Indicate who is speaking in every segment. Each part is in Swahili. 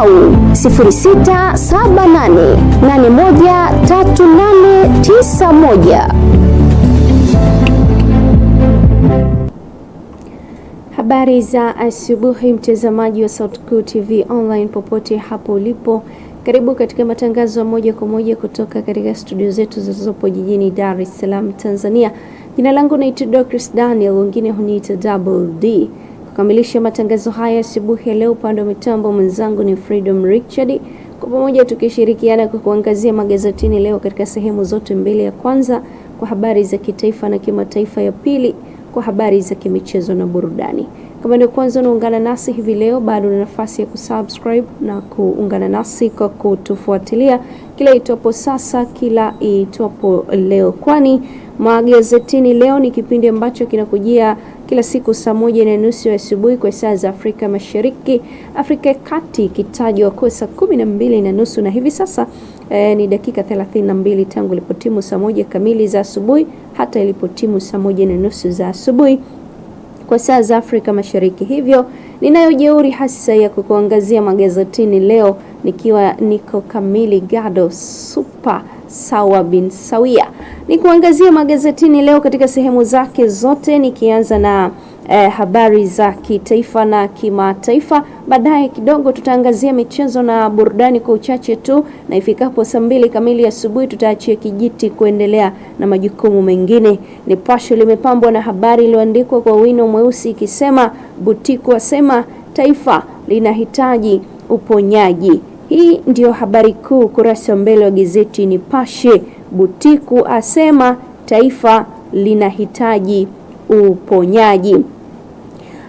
Speaker 1: au 0678813891.
Speaker 2: Habari za asubuhi, mtazamaji wa Sautikuu TV online popote hapo ulipo, karibu katika matangazo ya moja kwa moja kutoka katika studio zetu zilizopo jijini Dar es Salaam, Tanzania. Jina langu naitwa Dorcas Daniel, wengine huniita Double D. Kukamilisha matangazo haya asubuhi ya leo, upande wa mitambo mwenzangu ni Freedom Richard, kwa pamoja tukishirikiana kwa kuangazia magazetini leo katika sehemu zote mbili, ya kwanza kwa habari za kitaifa na kimataifa, ya pili kwa habari za kimichezo na burudani. Kama ndio kwanza unaungana nasi hivi leo, bado na nafasi ya kusubscribe na kuungana nasi kwa kutufuatilia kila itopo sasa, kila itopo leo, kwani magazetini leo ni kipindi ambacho kinakujia kila siku saa moja na nusu asubuhi kwa saa za Afrika Mashariki, Afrika ya Kati ikitajwa kuwa saa kumi na mbili na nusu na hivi sasa eh, ni dakika 32 tangu ilipotimu saa moja kamili za asubuhi hata ilipotimu saa moja na nusu za asubuhi kwa saa za Afrika Mashariki. Hivyo ninayo jeuri hasa ya kukuangazia magazetini leo nikiwa niko kamili gado super sawa bin sawia. Ni kuangazia magazetini leo katika sehemu zake zote, nikianza na eh, habari za kitaifa na kimataifa. Baadaye kidogo tutaangazia michezo na burudani kwa uchache tu, na ifikapo saa mbili kamili asubuhi tutaachia kijiti kuendelea na majukumu mengine. Nipashe limepambwa na habari iliyoandikwa kwa wino mweusi ikisema Butiku asema taifa linahitaji uponyaji hii ndiyo habari kuu kurasa wa mbele wa gazeti Nipashe. Butiku asema taifa linahitaji uponyaji.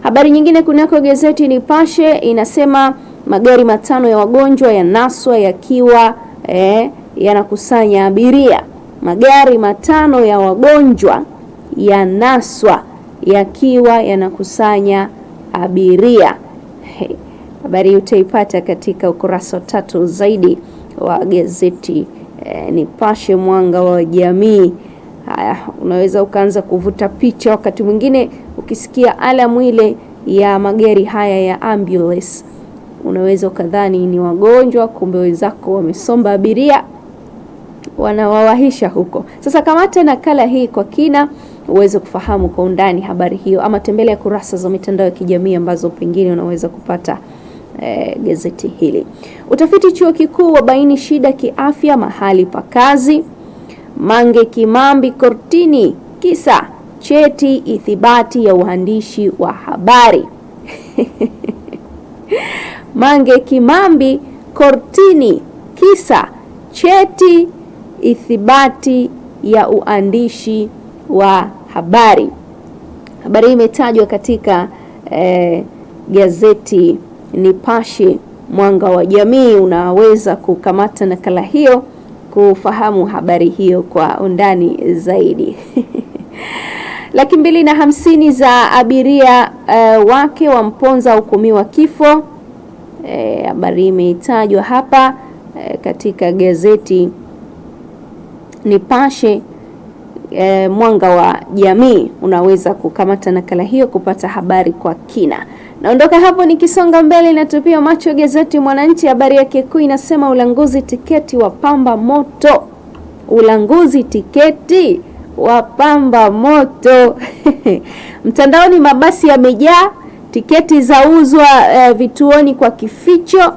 Speaker 2: Habari nyingine kunako gazeti Nipashe inasema magari matano ya wagonjwa yanaswa yakiwa eh, yanakusanya abiria. Magari matano ya wagonjwa yanaswa yakiwa yanakusanya abiria. Habari utaipata katika ukurasa tatu zaidi wa gazeti e, Nipashe mwanga wa jamii. Haya, unaweza ukaanza kuvuta picha. Wakati mwingine ukisikia alamu ile ya magari haya ya ambulance, unaweza ukadhani ni wagonjwa, kumbe wenzako wamesomba abiria wanawawahisha huko. Sasa kamata nakala hii kwa kina uweze kufahamu kwa undani habari hiyo, ama tembelea kurasa za mitandao ya kijamii ambazo pengine unaweza kupata eh, gazeti hili. Utafiti chuo kikuu wabaini shida kiafya mahali pa kazi. Mange Kimambi kortini kisa cheti ithibati ya uandishi wa habari. Mange Kimambi kortini kisa cheti ithibati ya uandishi wa habari. Habari hii imetajwa katika eh, gazeti Nipashe Mwanga wa Jamii unaweza kukamata nakala hiyo kufahamu habari hiyo kwa undani zaidi. Laki mbili na hamsini za abiria uh, wake wa Mponza hukumiwa kifo. Eh, habari e, imetajwa hapa e, katika gazeti Nipashe e, Mwanga wa Jamii unaweza kukamata nakala hiyo kupata habari kwa kina. Naondoka hapo nikisonga mbele, inatupia macho gazeti Mwananchi, habari yake kuu inasema ulanguzi tiketi wa pamba moto, ulanguzi tiketi wa pamba moto mtandaoni, mabasi yamejaa, tiketi uzwa e, eh, vituoni kwa kificho,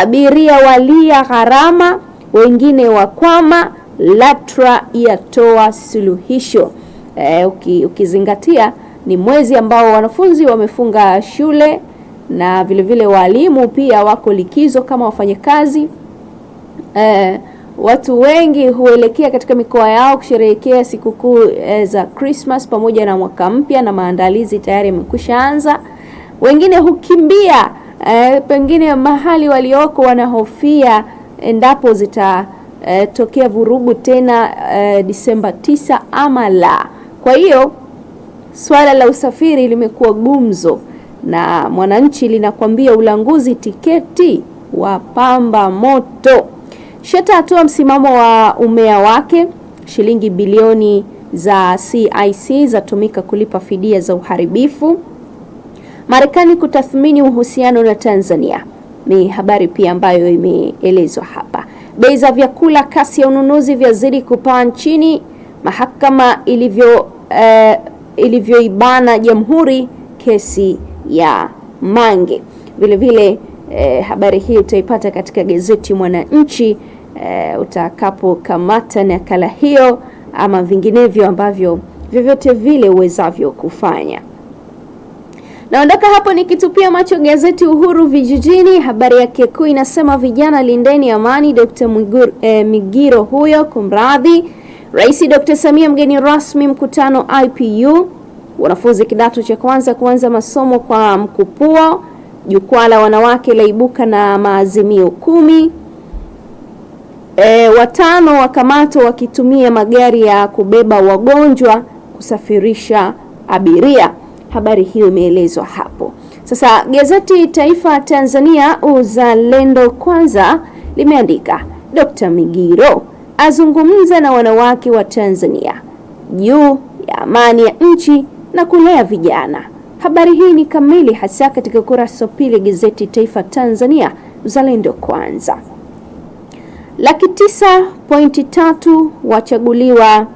Speaker 2: abiria walia gharama, wengine wakwama LATRA yatoa suluhisho. E, ukizingatia ni mwezi ambao wanafunzi wamefunga shule na vilevile walimu pia wako likizo kama wafanyakazi. E, watu wengi huelekea katika mikoa yao kusherehekea sikukuu eh, za Christmas pamoja na mwaka mpya, na maandalizi tayari yamekwisha anza. Wengine hukimbia e, pengine mahali walioko wanahofia endapo zita eh, tokea vurugu tena eh, Disemba tisa ama la. Kwa hiyo swala la usafiri limekuwa gumzo, na Mwananchi linakwambia ulanguzi tiketi wa pamba moto. Sheta atoa msimamo wa umea wake, shilingi bilioni za CIC zatumika kulipa fidia za uharibifu. Marekani kutathmini uhusiano na Tanzania ni habari pia ambayo imeelezwa hapa. Bei za vyakula kasi ya ununuzi vyazidi kupaa nchini, mahakama ilivyo eh, ilivyoibana jamhuri kesi ya Mange. Vile vile eh, habari hii utaipata katika gazeti Mwananchi eh, utakapokamata nakala hiyo ama vinginevyo ambavyo vyovyote vile uwezavyo kufanya. Naondoka hapo nikitupia macho gazeti Uhuru vijijini, habari yake kuu inasema vijana lindeni amani. Dkt. Eh, Migiro huyo kumradhi. Rais Dkt. Samia mgeni rasmi mkutano IPU. Wanafunzi kidato cha kwanza kuanza masomo kwa mkupuo. Jukwaa la wanawake laibuka na maazimio kumi. E, watano wakamatwa wakitumia magari ya kubeba wagonjwa kusafirisha abiria habari hiyo imeelezwa hapo. Sasa gazeti Taifa Tanzania Uzalendo Kwanza limeandika Dr. Migiro azungumza na wanawake wa Tanzania juu ya amani ya nchi na kulea vijana. Habari hii ni kamili hasa katika ukurasa wa pili gazeti Taifa Tanzania Uzalendo Kwanza. Laki tisa pointi tatu wachaguliwa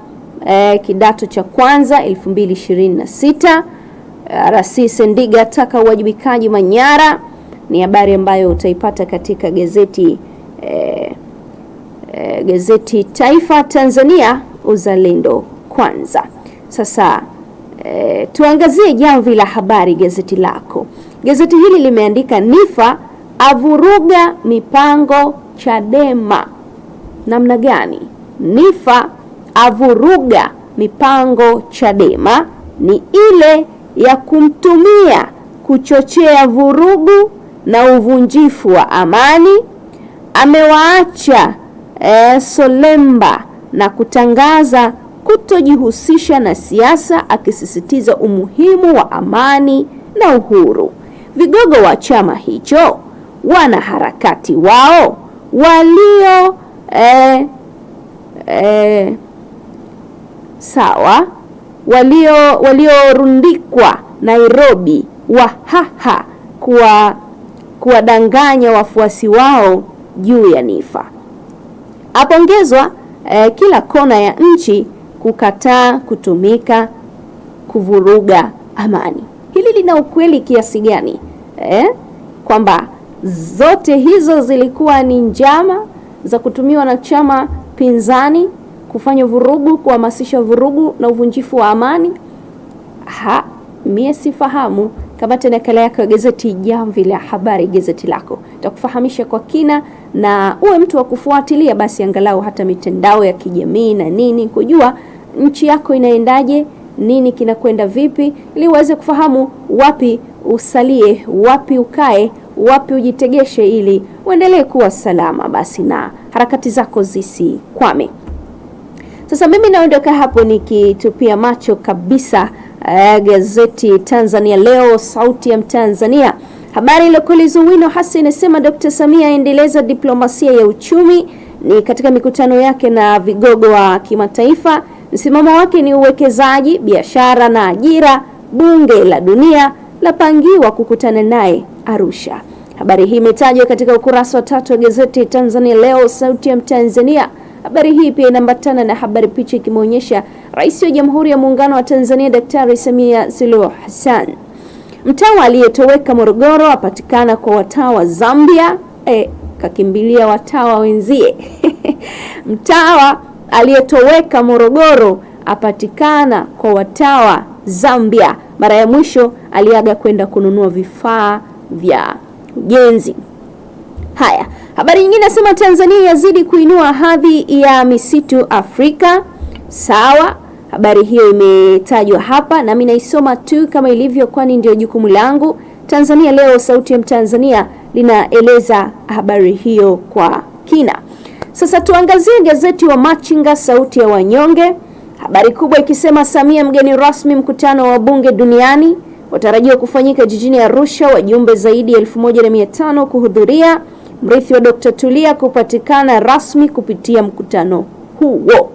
Speaker 2: eh, kidato cha kwanza 2026 RC Sendiga ataka uwajibikaji Manyara, ni habari ambayo utaipata katika gazeti eh, eh, gazeti Taifa Tanzania Uzalendo Kwanza. Sasa eh, tuangazie jamvi la habari gazeti lako. Gazeti hili limeandika Nifa avuruga mipango Chadema. Namna gani? Nifa avuruga mipango Chadema ni ile ya kumtumia kuchochea vurugu na uvunjifu wa amani. Amewaacha e, solemba na kutangaza kutojihusisha na siasa, akisisitiza umuhimu wa amani na uhuru. Vigogo wa chama hicho, wanaharakati wao walio e, e, sawa walio waliorundikwa Nairobi Wahaha kuwa kuwadanganya wafuasi wao juu ya Nifa. Apongezwa eh, kila kona ya nchi kukataa kutumika kuvuruga amani. Hili lina ukweli kiasi gani? Eh, kwamba zote hizo zilikuwa ni njama za kutumiwa na chama pinzani kufanya vurugu, kuhamasisha vurugu na uvunjifu wa amani? Ha, mie sifahamu. Kamata nakala yako ya gazeti Jamvi la Habari, gazeti lako takufahamisha kwa kina, na uwe mtu wa kufuatilia basi angalau hata mitandao ya kijamii na nini, kujua nchi yako inaendaje, nini kinakwenda vipi, ili uweze kufahamu wapi usalie, wapi ukae, wapi ujitegeshe, ili uendelee kuwa salama basi na harakati zako zisikwame. Sasa mimi naondoka hapo nikitupia macho kabisa uh, gazeti Tanzania Leo, sauti ya Mtanzania. Habari iliyokolezwa wino hasa inasema Dr. Samia aendeleza diplomasia ya uchumi, ni katika mikutano yake na vigogo wa kimataifa. Msimamo wake ni uwekezaji, biashara na ajira. Bunge la Dunia lapangiwa kukutana naye Arusha. Habari hii imetajwa katika ukurasa wa tatu wa gazeti Tanzania Leo, sauti ya Mtanzania. Habari hii pia inaambatana na habari picha ikimwonyesha Rais wa Jamhuri ya Muungano wa Tanzania Daktari Samia Suluhu Hassan. Mtawa aliyetoweka Morogoro apatikana kwa watawa Zambia, e, kakimbilia watawa wenzie. Mtawa aliyetoweka Morogoro apatikana kwa watawa Zambia. Mara ya mwisho aliaga kwenda kununua vifaa vya ujenzi. Haya. Habari nyingine nasema Tanzania yazidi kuinua hadhi ya misitu Afrika. Sawa, habari hiyo imetajwa hapa nami naisoma tu kama ilivyo, kwani ndio jukumu langu. Tanzania Leo, Sauti ya Mtanzania linaeleza habari hiyo kwa kina. Sasa tuangazie gazeti wa Machinga, Sauti ya Wanyonge, habari kubwa ikisema Samia mgeni rasmi mkutano wa bunge duniani watarajiwa kufanyika jijini Arusha, wajumbe zaidi ya 1500 kuhudhuria Mrithi wa Dkt. Tulia kupatikana rasmi kupitia mkutano huo.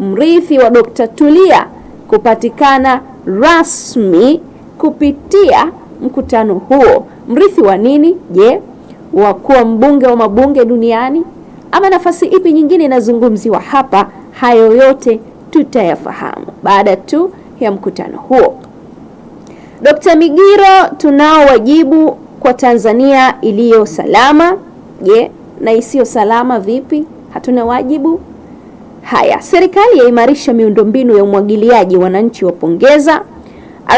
Speaker 2: Mrithi wa Dkt. Tulia kupatikana rasmi kupitia mkutano huo. Mrithi wa nini? Je, wa kuwa mbunge wa mabunge duniani ama nafasi ipi nyingine inazungumziwa hapa? Hayo yote tutayafahamu baada tu ya mkutano huo. Dkt. Migiro, tunao wajibu kwa Tanzania iliyo salama. Je, na isiyo salama vipi? Hatuna wajibu? Haya, serikali yaimarisha miundombinu ya umwagiliaji, wananchi wapongeza.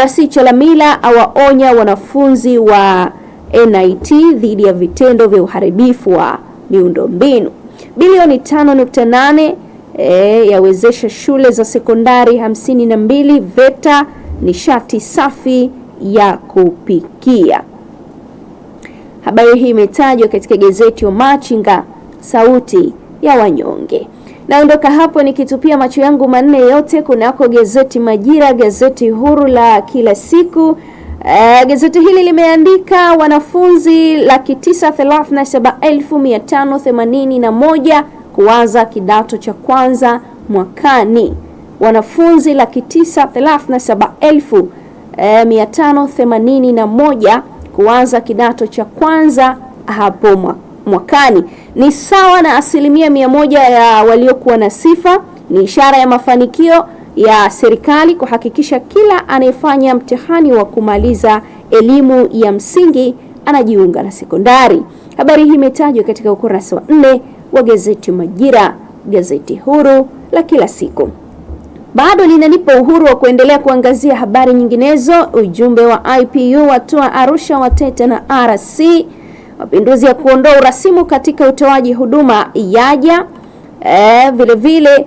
Speaker 2: RC Chalamila awaonya wanafunzi wa NIT dhidi ya vitendo vya uharibifu wa miundombinu. Bilioni 5.8 e, yawezesha shule za sekondari 52 VETA nishati safi ya kupikia. Habari hii imetajwa katika gazeti Machinga sauti ya wanyonge. Naondoka hapo nikitupia macho yangu manne yote kunako gazeti Majira, gazeti huru la kila siku. Uh, gazeti hili limeandika wanafunzi laki tisa thelathini na saba elfu mia tano themanini na moja kuanza kidato cha kwanza mwakani. Wanafunzi laki tisa thelathini na saba elfu eh, mia tano themanini na moja kuanza kidato cha kwanza hapo mwakani ni sawa na asilimia mia moja ya waliokuwa na sifa. Ni ishara ya mafanikio ya serikali kuhakikisha kila anayefanya mtihani wa kumaliza elimu ya msingi anajiunga na sekondari. Habari hii imetajwa katika ukurasa wa nne wa gazeti Majira, gazeti huru la kila siku bado linanipa uhuru wa kuendelea kuangazia habari nyinginezo. Ujumbe wa IPU watoa Arusha watete na RC. Mapinduzi ya kuondoa urasimu katika utoaji huduma yaja. E, vile vile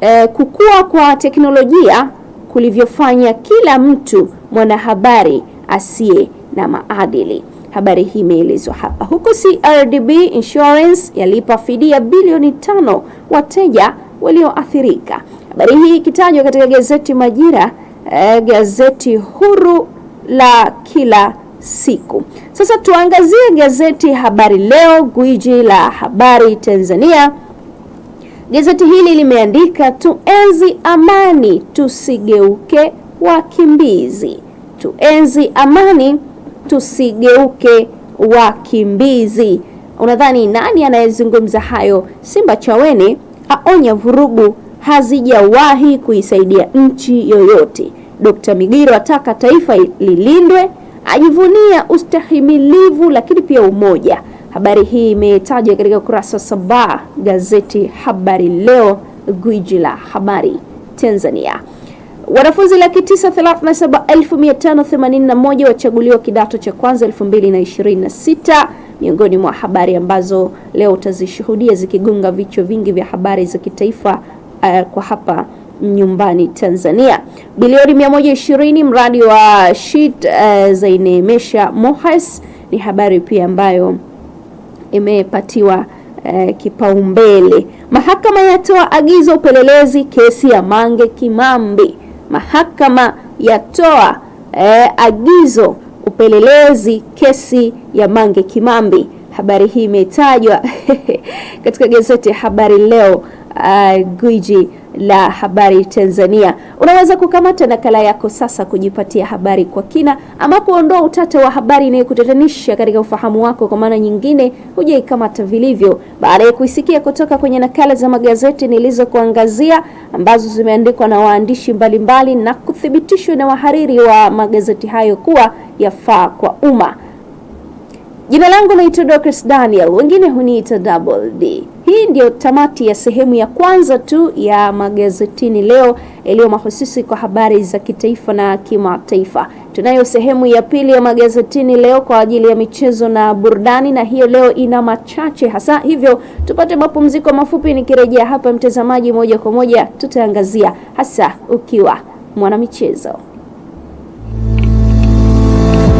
Speaker 2: e, kukua kwa teknolojia kulivyofanya kila mtu mwanahabari asiye na maadili. Habari hii imeelezwa hapa, huku CRDB Insurance yalipa fidia bilioni tano wateja walioathirika. Habari hii ikitajwa katika gazeti Majira, eh, gazeti huru la kila siku. Sasa tuangazie gazeti Habari Leo, gwiji la habari Tanzania. Gazeti hili limeandika tuenzi amani, tusigeuke wakimbizi. Tuenzi amani, tusigeuke wakimbizi. Unadhani nani anayezungumza hayo? Simba Chawene aonya vurugu hazijawahi kuisaidia nchi yoyote. Dkt. Migiro ataka taifa lilindwe, ajivunia ustahimilivu lakini pia umoja. Habari hii imetajwa katika ukurasa wa saba gazeti Habari Leo, gwiji la habari Tanzania. Wanafunzi laki tisa thelathini na saba elfu mia tano themanini na moja wachaguliwa kidato cha kwanza sita miongoni mwa habari ambazo leo utazishuhudia zikigunga vichwa vingi vya habari za kitaifa uh, kwa hapa nyumbani Tanzania. Bilioni 120 mradi wa sheet uh, eh, zainemesha mohas ni habari pia ambayo imepatiwa uh, kipaumbele. Mahakama yatoa agizo upelelezi kesi ya Mange Kimambi. Mahakama yatoa uh, agizo upelelezi kesi ya Mange Kimambi. Habari hii imetajwa katika gazeti ya Habari Leo uh, gwiji la habari Tanzania. Unaweza kukamata nakala yako sasa kujipatia habari kwa kina, ama kuondoa utata wa habari inayokutatanisha katika ufahamu wako, kwa maana nyingine hujaikamata vilivyo, baada ya kuisikia kutoka kwenye nakala za magazeti nilizokuangazia ambazo zimeandikwa na waandishi mbalimbali mbali, na kuthibitishwa na wahariri wa magazeti hayo kuwa yafaa kwa umma. Jina langu naitwa Dorcas Daniel, wengine huniita Double D. Hii ndiyo tamati ya sehemu ya kwanza tu ya magazetini leo iliyo mahususi kwa habari za kitaifa na kimataifa. Tunayo sehemu ya pili ya magazetini leo kwa ajili ya michezo na burudani, na hiyo leo ina machache hasa, hivyo tupate mapumziko mafupi. Nikirejea hapa, mtazamaji, moja kwa moja tutaangazia hasa ukiwa mwanamichezo.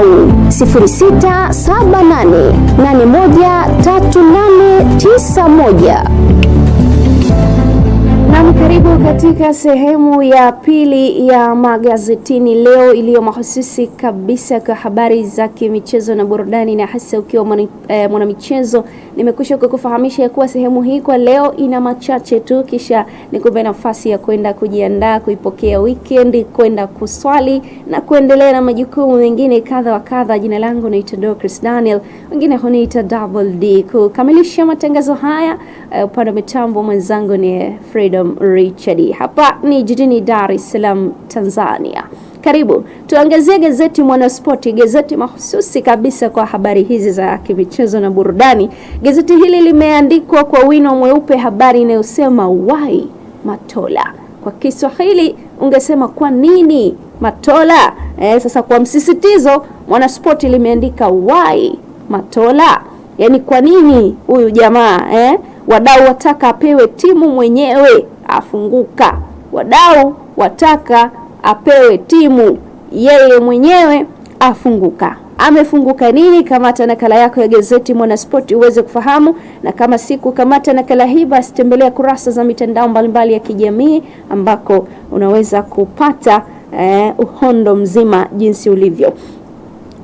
Speaker 1: au 0678813891.
Speaker 2: Karibu katika sehemu ya pili ya magazetini leo iliyo mahususi kabisa kwa habari za kimichezo na burudani, na hasa ukiwa eh, mwanamichezo. Nimekusha kukufahamisha ya kuwa sehemu hii kwa leo ina machache tu, kisha nikupe nafasi ya kwenda kujiandaa kuipokea weekend, kwenda kuswali na kuendelea na majukumu mengine kadha wa kadha. Jina langu naitwa Dorcas Daniel, wengine huniita Double D. Kukamilisha matangazo haya eh, upande wa mitambo mwenzangu ni Freedom Richard. Hapa ni jijini Dar es Salaam, Tanzania. Karibu tuangazie gazeti Mwanaspoti, gazeti mahususi kabisa kwa habari hizi za kimichezo na burudani. Gazeti hili limeandikwa kwa wino mweupe habari inayosema wai Matola. Kwa Kiswahili ungesema kwa nini Matola? Eh, sasa kwa msisitizo Mwanaspoti limeandika wai Matola, yaani kwa nini huyu jamaa eh? Wadau wataka apewe timu mwenyewe afunguka. Wadau wataka apewe timu, yeye mwenyewe afunguka. Amefunguka nini? Kamata nakala yako ya gazeti Mwanaspoti uweze kufahamu, na kama siku kamata nakala hii, basi tembelea kurasa za mitandao mbalimbali ya kijamii ambako unaweza kupata eh, uhondo mzima jinsi ulivyo.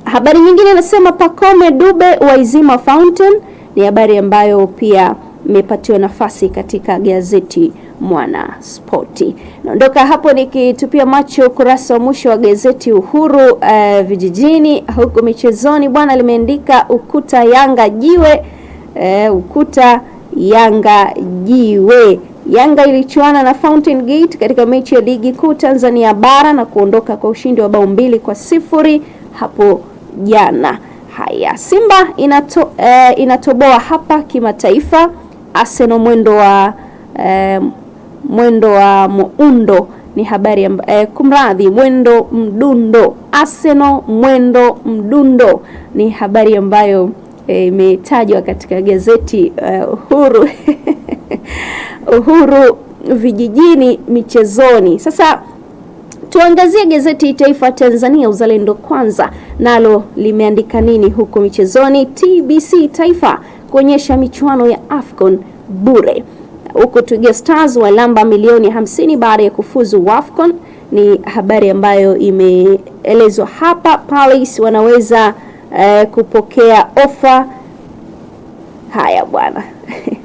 Speaker 2: Habari nyingine inasema Pacome Dube waizima fountain, ni habari ambayo pia imepatiwa nafasi katika gazeti mwana spoti. Naondoka hapo nikitupia macho ukurasa wa mwisho wa gazeti Uhuru uh, vijijini huko michezoni bwana, limeandika ukuta Yanga jiwe uh, ukuta Yanga jiwe. Yanga ilichuana na Fountain Gate katika mechi ya ligi kuu Tanzania bara na kuondoka kwa ushindi wa bao mbili kwa sifuri hapo jana. Haya, Simba inato, eh, inatoboa hapa kimataifa. Arsenal mwendo wa eh, mwendo wa muundo ni habari eh, kumradhi, mwendo mdundo. Arsenal mwendo mdundo ni habari ambayo eh, imetajwa eh, katika gazeti eh, Uhuru Uhuru vijijini michezoni. Sasa tuangazie gazeti Taifa Tanzania Uzalendo Kwanza, nalo limeandika nini huko michezoni? TBC Taifa kuonyesha michuano ya AFCON bure huku Twiga Stars walamba milioni 50 baada ya kufuzu Wafcon. Ni habari ambayo imeelezwa hapa. Palace wanaweza eh, kupokea ofa. Haya bwana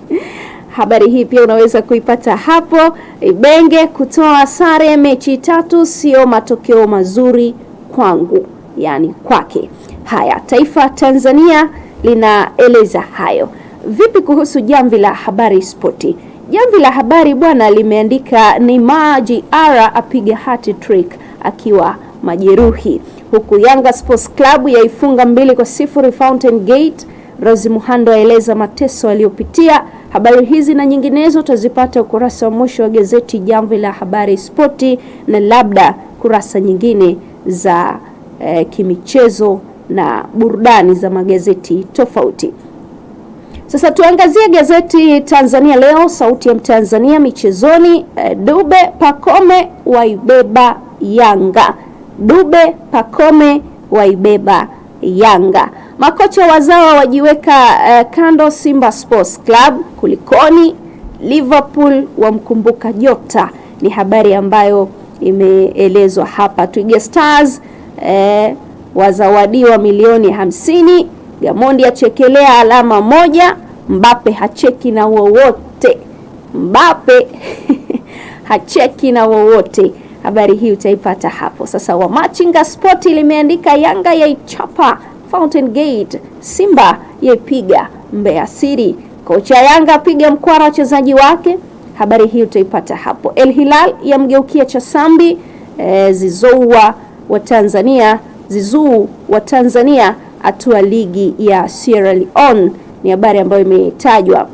Speaker 2: habari hii pia unaweza kuipata hapo. Ibenge kutoa sare mechi tatu sio matokeo mazuri kwangu, yani kwake. Haya, Taifa Tanzania linaeleza hayo. Vipi kuhusu jamvi la habari spoti? Jamvi la Habari bwana limeandika Neymar JR apiga hat trick akiwa majeruhi, huku Yanga Sports Club yaifunga mbili kwa sifuri Fountain Gate. Rose Muhando aeleza mateso aliyopitia. Habari hizi na nyinginezo utazipata ukurasa wa mwisho wa gazeti Jamvi la Habari Spoti, na labda kurasa nyingine za eh, kimichezo na burudani za magazeti tofauti. Sasa tuangazie gazeti Tanzania Leo, sauti ya Mtanzania michezoni. Eh, Dube Pakome waibeba Yanga. Dube Pakome waibeba Yanga. Makocha wazawa wajiweka eh, kando Simba Sports Club. Kulikoni Liverpool wamkumbuka Jota, ni habari ambayo imeelezwa hapa. Twiga Stars eh, wazawadiwa milioni hamsini Gamondi achekelea alama moja. Mbape hacheki na wowote. Mbape hacheki na wowote. Habari hii utaipata hapo. Sasa Wamachinga Sport limeandika Yanga yaichapa Fountain Gate, Simba yaipiga Mbeya City, kocha Yanga apiga mkwara wachezaji wake. Habari hii utaipata hapo. El Hilal yamgeukia Chasambi. E, eh, zizoua wa Tanzania zizuu wa Tanzania atua ligi ya Sierra Leone. Ni habari ambayo imetajwa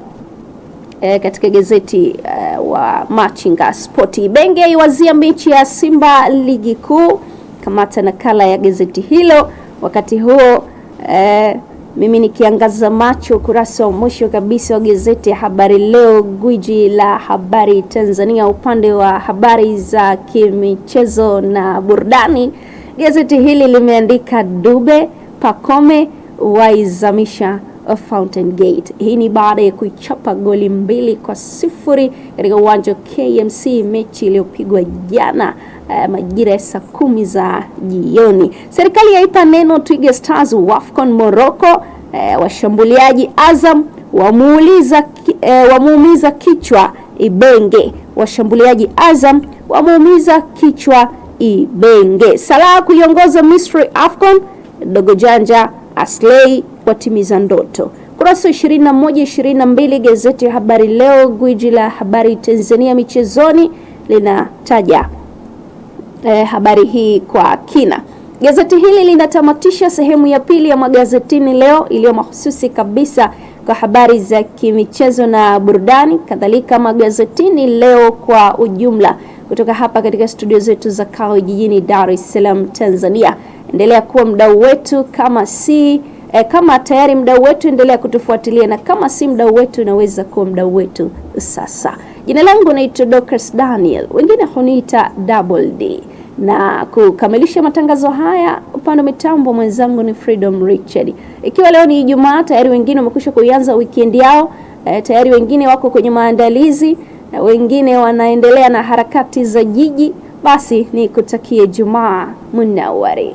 Speaker 2: e, katika gazeti e, wa Machinga Spoti. Benge aiwazia mechi ya Simba ligi kuu, kamata nakala ya gazeti hilo. Wakati huo e, mimi nikiangaza macho ukurasa wa mwisho kabisa wa gazeti ya Habari Leo, gwiji la habari Tanzania, upande wa habari za kimichezo na burudani. Gazeti hili limeandika Dube Pacome waizamisha Fountain Gate. Hii ni baada ya kuichapa goli mbili kwa sifuri katika uwanja wa KMC, mechi iliyopigwa jana uh, majira ya saa kumi za jioni. Serikali yaipa neno Twiga Stars Wafcon Morocco. Uh, washambuliaji Azam wamuuliza uh, wamuumiza kichwa Ibenge. Washambuliaji Azam wamuumiza kichwa Ibenge. Salah kuiongoza Misri Afcon Dogo Janja aslei watimiza ndoto. Kurasa 21, 22 gazeti ya Habari Leo, gwiji la habari Tanzania michezoni linataja eh, habari hii kwa kina. Gazeti hili linatamatisha sehemu ya pili ya magazetini leo iliyo mahususi kabisa kwa habari za kimichezo na burudani, kadhalika magazetini leo kwa ujumla kutoka hapa katika studio zetu za Kawe jijini Dar es Salaam Tanzania. Endelea kuwa mdau wetu kama si eh, kama tayari mdau wetu, endelea kutufuatilia na kama si mdau wetu, unaweza kuwa mdau wetu sasa. Jina langu naitwa Dorcas Daniel, wengine huniita Double D na kukamilisha matangazo haya upande wa mitambo mwenzangu ni Freedom Richard. Ikiwa leo ni Ijumaa, tayari wengine wamekwisha kuianza weekend yao, E, tayari wengine wako kwenye maandalizi na wengine wanaendelea na harakati za jiji, basi ni kutakie Jumaa munawari.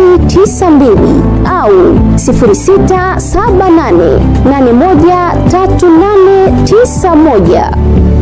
Speaker 1: 92 au 0678813891.